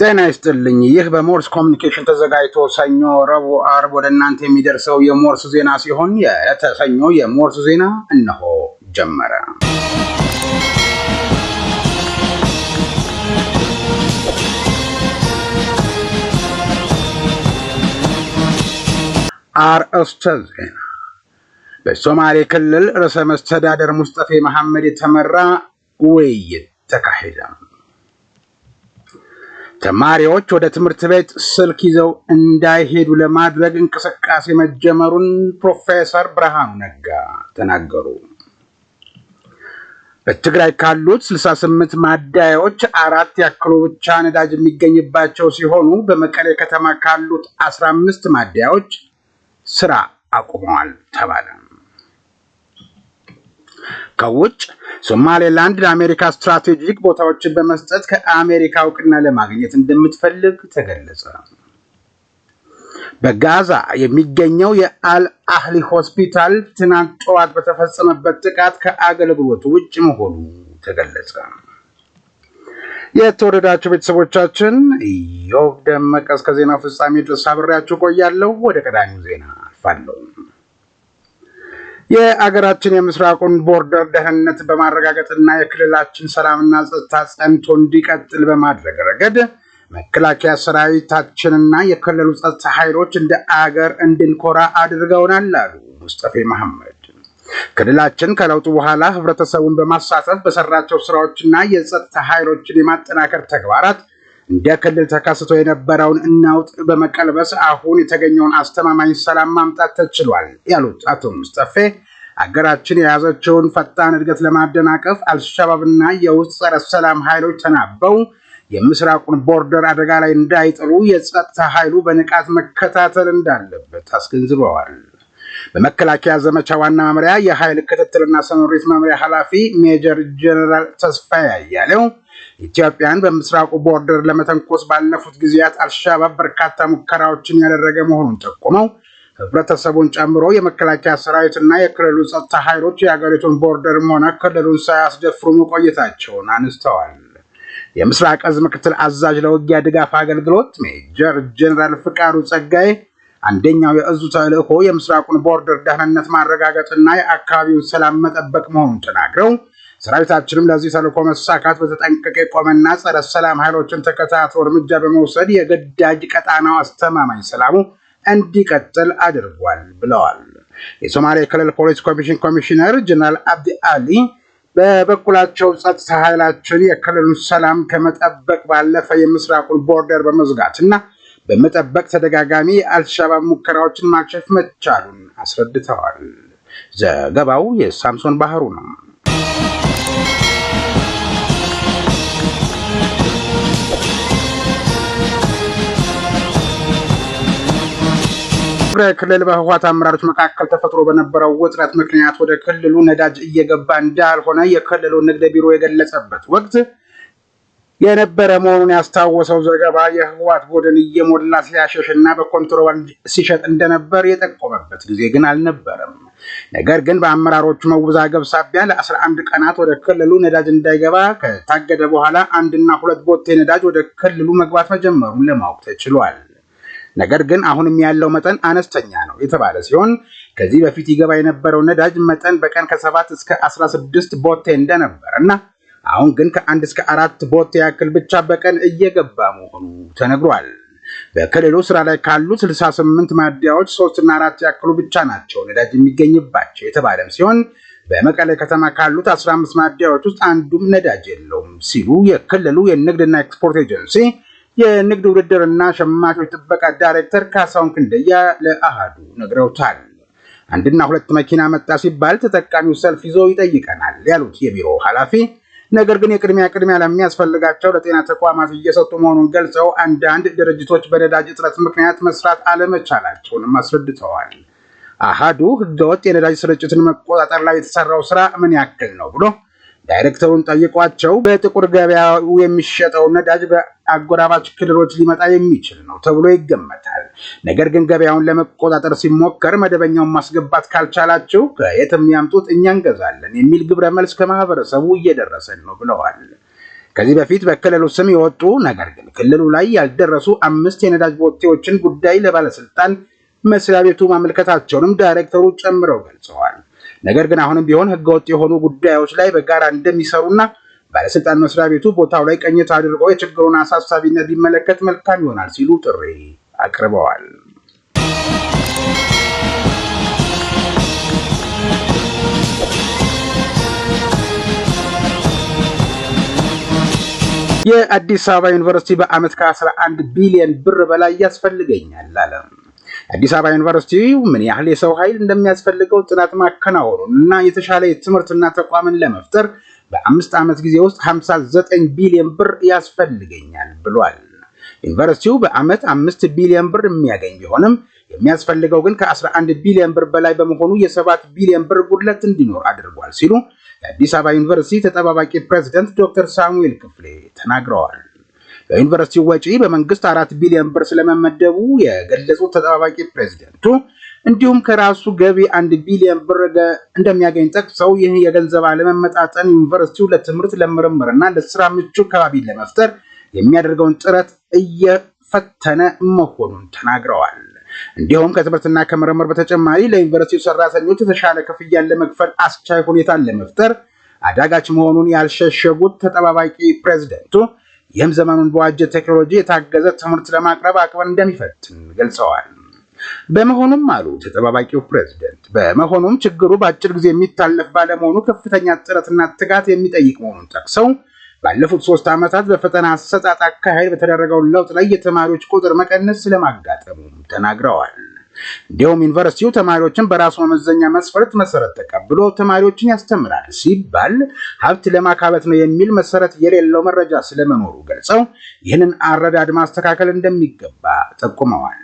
ጤና ይስጥልኝ። ይህ በሞርስ ኮሚኒኬሽን ተዘጋጅቶ ሰኞ፣ ረቡዕ፣ አርብ ወደ እናንተ የሚደርሰው የሞርስ ዜና ሲሆን የዕለተ ሰኞ የሞርስ ዜና እነሆ ጀመረ። አርእስተ ዜና በሶማሌ ክልል ርዕሰ መስተዳደር ሙስጠፌ መሐመድ የተመራ ውይይት ተካሄደ። ተማሪዎች ወደ ትምህርት ቤት ስልክ ይዘው እንዳይሄዱ ለማድረግ እንቅስቃሴ መጀመሩን ፕሮፌሰር ብርሃኑ ነጋ ተናገሩ። በትግራይ ካሉት 68 ማደያዎች አራት ያክሉ ብቻ ነዳጅ የሚገኝባቸው ሲሆኑ በመቀሌ ከተማ ካሉት 15 ማደያዎች ስራ አቁመዋል ተባለ። ከውጭ ሶማሌላንድ ለአሜሪካ ስትራቴጂክ ቦታዎችን በመስጠት ከአሜሪካ እውቅና ለማግኘት እንደምትፈልግ ተገለጸ። በጋዛ የሚገኘው የአልአህሊ ሆስፒታል ትናንት ጠዋት በተፈጸመበት ጥቃት ከአገልግሎት ውጭ መሆኑ ተገለጸ። የተወደዳችሁ ቤተሰቦቻችን ኢዮብ ደመቀ እስከ ዜናው ፍጻሜ ድረስ አብሬያችሁ ቆያለሁ። ወደ ቀዳሚው ዜና አልፋለሁ። የአገራችን የምስራቁን ቦርደር ደህንነት በማረጋገጥና የክልላችን ሰላምና ጸጥታ ጸንቶ እንዲቀጥል በማድረግ ረገድ መከላከያ ሰራዊታችንና የክልሉ ጸጥታ ኃይሎች እንደ አገር እንድንኮራ አድርገውናል አሉ ሙስጠፌ መሐመድ። ክልላችን ከለውጡ በኋላ ህብረተሰቡን በማሳተፍ በሰራቸው ስራዎችና የጸጥታ ኃይሎችን የማጠናከር ተግባራት እንደ ክልል ተከስቶ የነበረውን እናውጥ በመቀልበስ አሁን የተገኘውን አስተማማኝ ሰላም ማምጣት ተችሏል ያሉት አቶ ሙስጠፌ አገራችን የያዘችውን ፈጣን እድገት ለማደናቀፍ አልሸባብና የውስጥ ጸረ ሰላም ኃይሎች ተናበው የምስራቁን ቦርደር አደጋ ላይ እንዳይጥሉ የጸጥታ ኃይሉ በንቃት መከታተል እንዳለበት አስገንዝበዋል። በመከላከያ ዘመቻ ዋና መምሪያ የኃይል ክትትልና ስምሪት መምሪያ ኃላፊ ሜጀር ጀነራል ተስፋዬ አያሌው ኢትዮጵያን በምስራቁ ቦርደር ለመተንኮስ ባለፉት ጊዜያት አልሻባብ በርካታ ሙከራዎችን ያደረገ መሆኑን ጠቁመው ህብረተሰቡን ጨምሮ የመከላከያ ሰራዊትና የክልሉ ጸጥታ ኃይሎች የሀገሪቱን ቦርደርም ሆነ ክልሉን ሳያስደፍሩ መቆየታቸውን አንስተዋል። የምስራቅ እዝ ምክትል አዛዥ ለውጊያ ድጋፍ አገልግሎት ሜጀር ጀኔራል ፍቃዱ ጸጋይ አንደኛው የእዙ ተልዕኮ የምስራቁን ቦርደር ደህንነት ማረጋገጥና የአካባቢውን ሰላም መጠበቅ መሆኑን ተናግረው ሰራዊታችንም ለዚህ ተልዕኮ መሳካት በተጠንቀቀ የቆመና ጸረ ሰላም ኃይሎችን ተከታትሎ እርምጃ በመውሰድ የግዳጅ ቀጣናው አስተማማኝ ሰላሙ እንዲቀጥል አድርጓል ብለዋል። የሶማሌ ክልል ፖሊስ ኮሚሽን ኮሚሽነር ጀነራል አብዲ አሊ በበኩላቸው ጸጥታ ኃይላችን የክልሉን ሰላም ከመጠበቅ ባለፈ የምስራቁን ቦርደር በመዝጋትና በመጠበቅ ተደጋጋሚ አልሸባብ ሙከራዎችን ማክሸፍ መቻሉን አስረድተዋል። ዘገባው የሳምሶን ባህሩ ነው። ትግራይ ክልል በህወሓት አመራሮች መካከል ተፈጥሮ በነበረው ውጥረት ምክንያት ወደ ክልሉ ነዳጅ እየገባ እንዳልሆነ የክልሉ ንግድ ቢሮ የገለጸበት ወቅት የነበረ መሆኑን ያስታወሰው ዘገባ የህወሓት ቡድን እየሞላ ሲያሸሽ እና በኮንትሮባንድ ሲሸጥ እንደነበር የጠቆመበት ጊዜ ግን አልነበረም። ነገር ግን በአመራሮቹ መወዛገብ ሳቢያ ለ11 ቀናት ወደ ክልሉ ነዳጅ እንዳይገባ ከታገደ በኋላ አንድና ሁለት ቦቴ ነዳጅ ወደ ክልሉ መግባት መጀመሩን ለማወቅ ተችሏል። ነገር ግን አሁንም ያለው መጠን አነስተኛ ነው የተባለ ሲሆን ከዚህ በፊት ይገባ የነበረው ነዳጅ መጠን በቀን ከሰባት እስከ 16 ቦቴ እንደነበረ እና አሁን ግን ከአንድ እስከ አራት ቦት ያክል ብቻ በቀን እየገባ መሆኑ ተነግሯል። በክልሉ ስራ ላይ ካሉት 68 ማደያዎች ሶስትና አራት ያክሉ ብቻ ናቸው ነዳጅ የሚገኝባቸው የተባለም ሲሆን በመቀሌ ከተማ ካሉት 15 ማደያዎች ውስጥ አንዱም ነዳጅ የለውም ሲሉ የክልሉ የንግድና ኤክስፖርት ኤጀንሲ የንግድ ውድድርና ሸማቾች ጥበቃ ዳይሬክተር ካሳሁን ክንደያ ለአሃዱ ነግረውታል። አንድና ሁለት መኪና መጣ ሲባል ተጠቃሚው ሰልፍ ይዞ ይጠይቀናል ያሉት የቢሮ ኃላፊ ነገር ግን የቅድሚያ ቅድሚያ ለሚያስፈልጋቸው ለጤና ተቋማት እየሰጡ መሆኑን ገልጸው አንዳንድ ድርጅቶች በነዳጅ እጥረት ምክንያት መስራት አለመቻላቸውንም አስረድተዋል። አሃዱ ህገወጥ የነዳጅ ስርጭትን መቆጣጠር ላይ የተሰራው ስራ ምን ያክል ነው ብሎ ዳይሬክተሩን ጠይቋቸው በጥቁር ገበያው የሚሸጠው ነዳጅ አጎራባች ክልሎች ሊመጣ የሚችል ነው ተብሎ ይገመታል። ነገር ግን ገበያውን ለመቆጣጠር ሲሞከር መደበኛውን ማስገባት ካልቻላቸው ከየትም ያምጡት እኛ እንገዛለን የሚል ግብረ መልስ ከማህበረሰቡ እየደረሰን ነው ብለዋል። ከዚህ በፊት በክልሉ ስም የወጡ ነገር ግን ክልሉ ላይ ያልደረሱ አምስት የነዳጅ ቦቴዎችን ጉዳይ ለባለስልጣን መስሪያ ቤቱ ማመልከታቸውንም ዳይሬክተሩ ጨምረው ገልጸዋል። ነገር ግን አሁንም ቢሆን ህገወጥ የሆኑ ጉዳዮች ላይ በጋራ እንደሚሰሩና ባለስልጣን መስሪያ ቤቱ ቦታው ላይ ቅኝት አድርጎ የችግሩን አሳሳቢነት ቢመለከት መልካም ይሆናል ሲሉ ጥሪ አቅርበዋል። የአዲስ አበባ ዩኒቨርሲቲ በዓመት ከ11 ቢሊዮን ብር በላይ ያስፈልገኛል አለ። አዲስ አበባ ዩኒቨርሲቲ ምን ያህል የሰው ኃይል እንደሚያስፈልገው ጥናት ማከናወኑን እና የተሻለ የትምህርትና ተቋምን ለመፍጠር በአምስት ዓመት ጊዜ ውስጥ 59 ቢሊዮን ብር ያስፈልገኛል ብሏል። ዩኒቨርሲቲው በዓመት አምስት ቢሊዮን ብር የሚያገኝ ቢሆንም የሚያስፈልገው ግን ከ11 ቢሊዮን ብር በላይ በመሆኑ የሰባት ቢሊዮን ብር ጉድለት እንዲኖር አድርጓል ሲሉ የአዲስ አበባ ዩኒቨርሲቲ ተጠባባቂ ፕሬዝደንት ዶክተር ሳሙኤል ክፍሌ ተናግረዋል። በዩኒቨርሲቲው ወጪ በመንግስት አራት ቢሊዮን ብር ስለመመደቡ የገለጹት ተጠባባቂ ፕሬዚደንቱ እንዲሁም ከራሱ ገቢ አንድ ቢሊዮን ብር እንደሚያገኝ ጠቅሰው ይህ የገንዘብ አለመመጣጠን ዩኒቨርሲቲው ለትምህርት ለምርምርና ለስራ ምቹ ከባቢን ለመፍጠር የሚያደርገውን ጥረት እየፈተነ መሆኑን ተናግረዋል። እንዲሁም ከትምህርትና ከምርምር በተጨማሪ ለዩኒቨርሲቲው ሰራተኞች የተሻለ ክፍያን ለመክፈል አስቻይ ሁኔታን ለመፍጠር አዳጋች መሆኑን ያልሸሸጉት ተጠባባቂ ፕሬዚደንቱ ይህም ዘመኑን በዋጀ ቴክኖሎጂ የታገዘ ትምህርት ለማቅረብ አቅምን እንደሚፈትን ገልጸዋል። በመሆኑም አሉ ተጠባባቂው ፕሬዝደንት፣ በመሆኑም ችግሩ በአጭር ጊዜ የሚታለፍ ባለመሆኑ ከፍተኛ ጥረትና ትጋት የሚጠይቅ መሆኑን ጠቅሰው ባለፉት ሶስት ዓመታት በፈተና አሰጣጥ አካሄድ በተደረገው ለውጥ ላይ የተማሪዎች ቁጥር መቀነስ ስለማጋጠሙ ተናግረዋል። እንዲሁም ዩኒቨርሲቲው ተማሪዎችን በራሱ መመዘኛ መስፈርት መሰረት ተቀብሎ ተማሪዎችን ያስተምራል ሲባል ሀብት ለማካበት ነው የሚል መሰረት የሌለው መረጃ ስለመኖሩ ገልጸው ይህንን አረዳድ ማስተካከል እንደሚገባ ጠቁመዋል።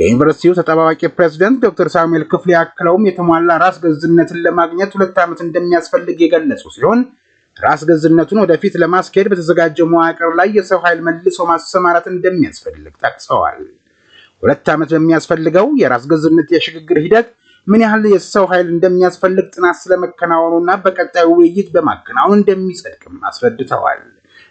የዩኒቨርሲቲው ተጠባባቂ ፕሬዚደንት ዶክተር ሳሙኤል ክፍሌ ያክለውም የተሟላ ራስ ገዝነትን ለማግኘት ሁለት ዓመት እንደሚያስፈልግ የገለጹ ሲሆን ራስ ገዝነቱን ወደፊት ለማስኬድ በተዘጋጀው መዋቅር ላይ የሰው ኃይል መልሶ ማሰማራት እንደሚያስፈልግ ጠቅሰዋል። ሁለት ዓመት በሚያስፈልገው የራስ ገዝነት የሽግግር ሂደት ምን ያህል የሰው ኃይል እንደሚያስፈልግ ጥናት ስለመከናወኑና በቀጣዩ ውይይት በማከናወን እንደሚጸድቅም አስረድተዋል።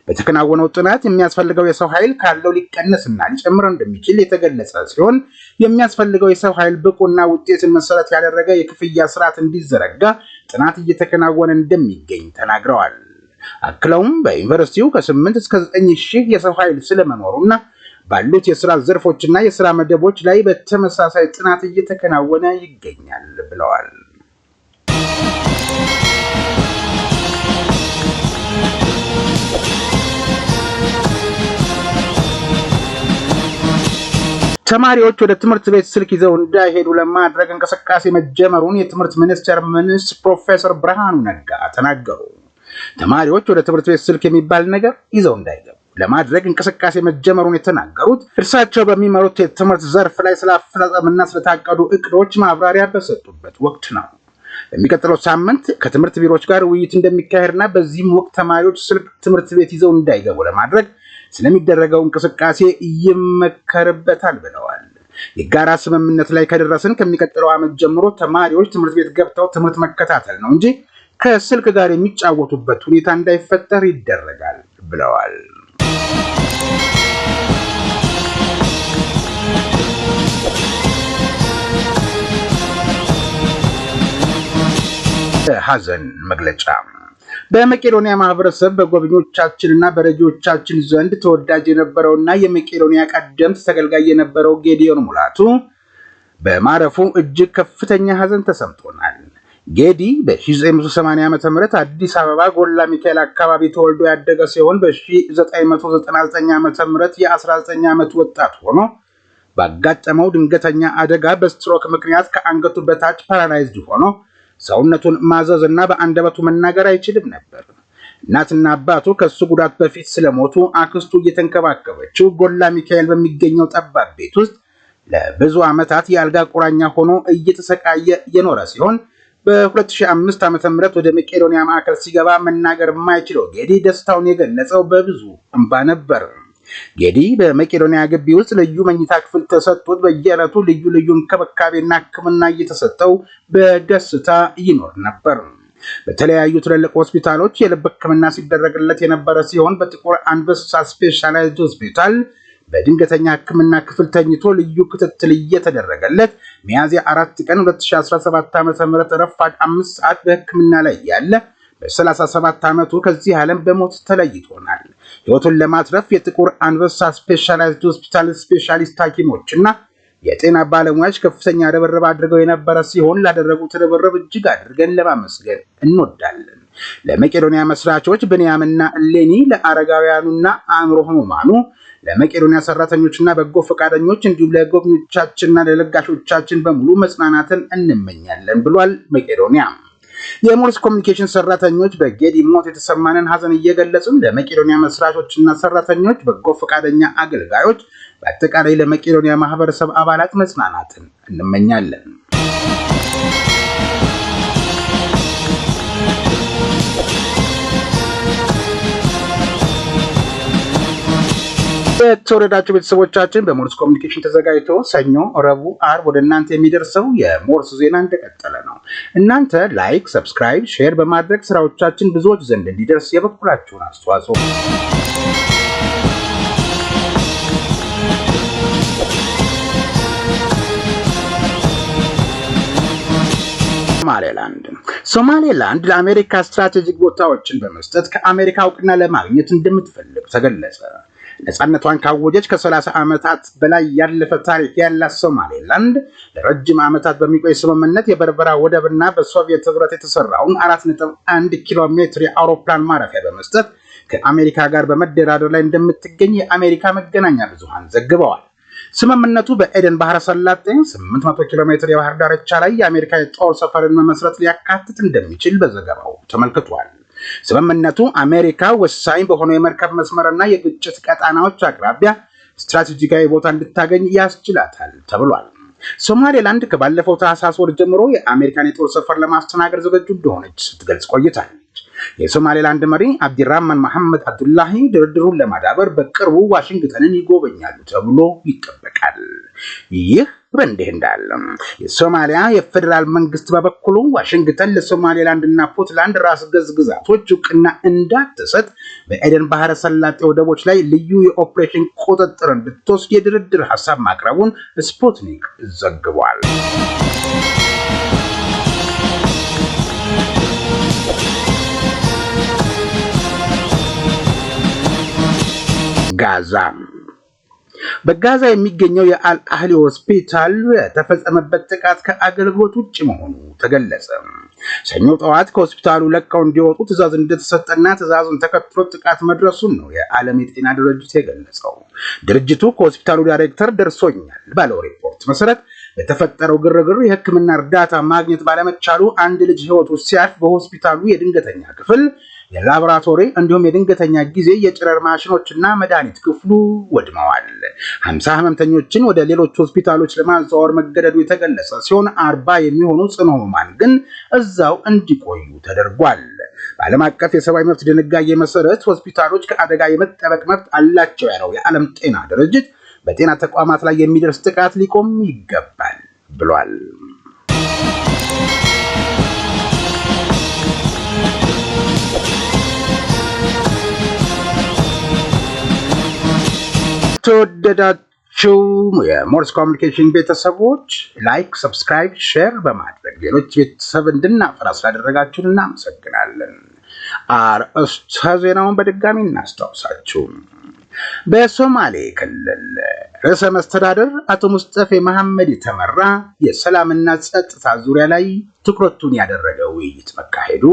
በተከናወነው ጥናት የሚያስፈልገው የሰው ኃይል ካለው ሊቀነስና ሊጨምር እንደሚችል የተገለጸ ሲሆን የሚያስፈልገው የሰው ኃይል ብቁና ውጤትን መሰረት ያደረገ የክፍያ ስርዓት እንዲዘረጋ ጥናት እየተከናወነ እንደሚገኝ ተናግረዋል። አክለውም በዩኒቨርሲቲው ከ8 እስከ 9 ሺህ የሰው ኃይል ስለመኖሩና ባሉት የስራ ዘርፎችና የስራ መደቦች ላይ በተመሳሳይ ጥናት እየተከናወነ ይገኛል ብለዋል። ተማሪዎች ወደ ትምህርት ቤት ስልክ ይዘው እንዳይሄዱ ለማድረግ እንቅስቃሴ መጀመሩን የትምህርት ሚኒስቴር ሚኒስትር ፕሮፌሰር ብርሃኑ ነጋ ተናገሩ። ተማሪዎች ወደ ትምህርት ቤት ስልክ የሚባል ነገር ይዘው እንዳይገቡ ለማድረግ እንቅስቃሴ መጀመሩን የተናገሩት እርሳቸው በሚመሩት የትምህርት ዘርፍ ላይ ስለ ስለታቀዱ እቅዶች ማብራሪያ በሰጡበት ወቅት ነው። በሚቀጥለው ሳምንት ከትምህርት ቢሮዎች ጋር ውይይት እንደሚካሄድና በዚህም ወቅት ተማሪዎች ስልክ ትምህርት ቤት ይዘው እንዳይገቡ ለማድረግ ስለሚደረገው እንቅስቃሴ ይመከርበታል ብለዋል። የጋራ ስምምነት ላይ ከደረስን ከሚቀጥለው ዓመት ጀምሮ ተማሪዎች ትምህርት ቤት ገብተው ትምህርት መከታተል ነው እንጂ ከስልክ ጋር የሚጫወቱበት ሁኔታ እንዳይፈጠር ይደረጋል ብለዋል። ሐዘን መግለጫ በመቄዶንያ ማህበረሰብ በጎብኞቻችንና በረጂዎቻችን ዘንድ ተወዳጅ የነበረውና የመቄዶንያ ቀደምት ተገልጋይ የነበረው ጌዲዮን ሙላቱ በማረፉ እጅግ ከፍተኛ ሀዘን ተሰምቶናል። ጌዲ በ1980 ዓ ም አዲስ አበባ ጎላ ሚካኤል አካባቢ ተወልዶ ያደገ ሲሆን በ1999 ዓ ም የ19 ዓመት ወጣት ሆኖ ባጋጠመው ድንገተኛ አደጋ በስትሮክ ምክንያት ከአንገቱ በታች ፓራላይዝድ ሆኖ ሰውነቱን ማዘዝና በአንደበቱ መናገር አይችልም ነበር። እናትና አባቱ ከሱ ጉዳት በፊት ስለሞቱ አክስቱ እየተንከባከበችው ጎላ ሚካኤል በሚገኘው ጠባብ ቤት ውስጥ ለብዙ ዓመታት የአልጋ ቁራኛ ሆኖ እየተሰቃየ የኖረ ሲሆን በ2005 ዓ ም ወደ መቄዶንያ ማዕከል ሲገባ መናገር የማይችለው ጌዲ ደስታውን የገለጸው በብዙ እንባ ነበር። ጌዲ በመቄዶንያ ግቢ ውስጥ ልዩ መኝታ ክፍል ተሰጥቶት በየዕለቱ ልዩ ልዩ እንክብካቤና ሕክምና እየተሰጠው በደስታ ይኖር ነበር። በተለያዩ ትልልቅ ሆስፒታሎች የልብ ሕክምና ሲደረግለት የነበረ ሲሆን በጥቁር አንበሳ ስፔሻላይዝድ ሆስፒታል በድንገተኛ ሕክምና ክፍል ተኝቶ ልዩ ክትትል እየተደረገለት ሚያዝያ አራት ቀን 2017 ዓ ም ረፋድ አምስት ሰዓት በሕክምና ላይ ያለ በ37 ዓመቱ ከዚህ ዓለም በሞት ተለይቶናል። ሕይወቱን ለማትረፍ የጥቁር አንበሳ ስፔሻላይዝድ ሆስፒታል ስፔሻሊስት ሐኪሞች እና የጤና ባለሙያዎች ከፍተኛ ርብርብ አድርገው የነበረ ሲሆን ላደረጉት ርብርብ እጅግ አድርገን ለማመስገን እንወዳለን። ለመቄዶንያ መስራቾች ብንያምና እሌኒ፣ ለአረጋውያኑና አእምሮ ህሙማኑ፣ ለመቄዶንያ ሰራተኞችና በጎ ፈቃደኞች እንዲሁም ለጎብኞቻችንና ለለጋሾቻችን በሙሉ መጽናናትን እንመኛለን ብሏል መቄዶንያ የሞርስ ኮሚኒኬሽን ሰራተኞች በጌዲ ሞት የተሰማንን ሀዘን እየገለጽን ለመቄዶንያ መስራቾችና ሰራተኞች፣ በጎ ፈቃደኛ አገልጋዮች፣ በአጠቃላይ ለመቄዶኒያ ማህበረሰብ አባላት መጽናናትን እንመኛለን። የተወደዳችሁ ቤተሰቦቻችን በሞርስ ኮሚኒኬሽን ተዘጋጅቶ ሰኞ፣ ረቡዕ፣ አር ወደ እናንተ የሚደርሰው የሞርስ ዜና እንደቀጠለ ነው። እናንተ ላይክ፣ ሰብስክራይብ፣ ሼር በማድረግ ስራዎቻችን ብዙዎች ዘንድ እንዲደርስ የበኩላችሁን አስተዋጽኦ ሶማሌላንድ ሶማሌላንድ ለአሜሪካ ስትራቴጂክ ቦታዎችን በመስጠት ከአሜሪካ እውቅና ለማግኘት እንደምትፈልግ ተገለጸ። ነፃነቷን ካወጀች ከ30 ዓመታት በላይ ያለፈ ታሪክ ያላት ሶማሌላንድ ለረጅም ዓመታት በሚቆይ ስምምነት የበርበራ ወደብና በሶቪየት ህብረት የተሰራውን 4.1 ኪሎ ሜትር የአውሮፕላን ማረፊያ በመስጠት ከአሜሪካ ጋር በመደራደር ላይ እንደምትገኝ የአሜሪካ መገናኛ ብዙሃን ዘግበዋል። ስምምነቱ በኤደን ባህረ ሰላጤ 800 ኪሎ ሜትር የባህር ዳርቻ ላይ የአሜሪካ የጦር ሰፈርን መመስረት ሊያካትት እንደሚችል በዘገባው ተመልክቷል። ስምምነቱ አሜሪካ ወሳኝ በሆነው የመርከብ መስመርና የግጭት ቀጣናዎች አቅራቢያ ስትራቴጂካዊ ቦታ እንድታገኝ ያስችላታል ተብሏል። ሶማሌላንድ ከባለፈው ታህሳስ ወር ጀምሮ የአሜሪካን የጦር ሰፈር ለማስተናገድ ዝግጁ እንደሆነች ስትገልጽ ቆይታለች። የሶማሌላንድ መሪ አብዲራህማን መሐመድ አብዱላሂ ድርድሩን ለማዳበር በቅርቡ ዋሽንግተንን ይጎበኛሉ ተብሎ ይጠበቃል። ይህ በእንዲህ እንዳለ የሶማሊያ የፌዴራል መንግስት በበኩሉ ዋሽንግተን ለሶማሌላንድና ፑንትላንድ ራስ ገዝ ግዛቶች እውቅና እንዳትሰጥ በኤደን ባህረ ሰላጤ ወደቦች ላይ ልዩ የኦፕሬሽን ቁጥጥር እንድትወስድ የድርድር ሀሳብ ማቅረቡን ስፑትኒክ ዘግቧል። ጋዛ በጋዛ የሚገኘው የአልአህሊ ሆስፒታል የተፈጸመበት ጥቃት ከአገልግሎት ውጭ መሆኑ ተገለጸ። ሰኞ ጠዋት ከሆስፒታሉ ለቀው እንዲወጡ ትዕዛዝ እንደተሰጠና ትእዛዙን ተከትሎ ጥቃት መድረሱን ነው የዓለም የጤና ድርጅት የገለጸው። ድርጅቱ ከሆስፒታሉ ዳይሬክተር ደርሶኛል ባለው ሪፖርት መሰረት በተፈጠረው ግርግር የሕክምና እርዳታ ማግኘት ባለመቻሉ አንድ ልጅ ሕይወቱ ሲያልፍ በሆስፒታሉ የድንገተኛ ክፍል የላቦራቶሪ እንዲሁም የድንገተኛ ጊዜ የጨረር እና መድኃኒት ክፍሉ ወድመዋል። ሀምሳ ህመምተኞችን ወደ ሌሎች ሆስፒታሎች ለማዘዋወር መገደዱ የተገለጸ ሲሆን አርባ የሚሆኑ ጽኑ ህሙማን ግን እዛው እንዲቆዩ ተደርጓል። በዓለም አቀፍ የሰብአዊ መብት ድንጋጌ መሰረት ሆስፒታሎች ከአደጋ የመጠበቅ መብት አላቸው ያለው የዓለም ጤና ድርጅት በጤና ተቋማት ላይ የሚደርስ ጥቃት ሊቆም ይገባል ብሏል። የተወደዳችው የሞርስ ኮሚኒኬሽን ቤተሰቦች ላይክ፣ ሰብስክራይብ፣ ሼር በማድረግ ሌሎች ቤተሰብ እንድናፈራ ስላደረጋችሁን እናመሰግናለን። አርእስተ ዜናውን በድጋሚ እናስታውሳችሁ። በሶማሌ ክልል ርዕሰ መስተዳደር አቶ ሙስጠፌ መሐመድ የተመራ የሰላምና ጸጥታ ዙሪያ ላይ ትኩረቱን ያደረገ ውይይት መካሄዱ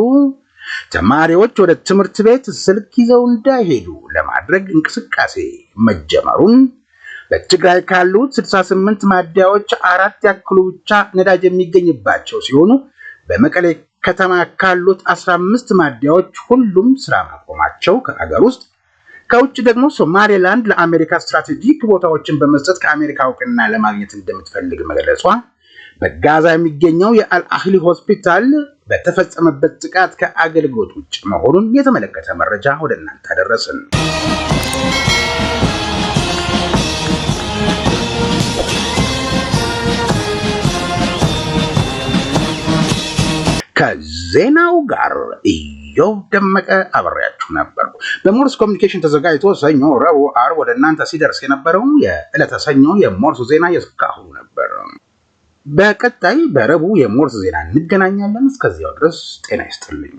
ተማሪዎች ወደ ትምህርት ቤት ስልክ ይዘው እንዳይሄዱ ለማድረግ እንቅስቃሴ መጀመሩን በትግራይ ካሉት 68 ማደያዎች አራት ያክሉ ብቻ ነዳጅ የሚገኝባቸው ሲሆኑ በመቀሌ ከተማ ካሉት 15 ማደያዎች ሁሉም ስራ ማቆማቸው ከአገር ውስጥ ከውጭ ደግሞ ሶማሌላንድ ለአሜሪካ ስትራቴጂክ ቦታዎችን በመስጠት ከአሜሪካ እውቅና ለማግኘት እንደምትፈልግ መግለጿ በጋዛ የሚገኘው የአልአህሊ ሆስፒታል በተፈጸመበት ጥቃት ከአገልግሎት ውጭ መሆኑን የተመለከተ መረጃ ወደ እናንተ አደረስን። ከዜናው ጋር ኢዮብ ደመቀ አብሬያችሁ ነበርኩ። በሞርስ ኮሚኒኬሽን ተዘጋጅቶ ሰኞ፣ ረቡዕ፣ ዓርብ ወደ እናንተ ሲደርስ የነበረው የዕለተ ሰኞ የሞርስ ዜና የእስካሁኑ ነበር። በቀጣይ በረቡዕ የሞርስ ዜና እንገናኛለን። እስከዚያው ድረስ ጤና ይስጥልኝ።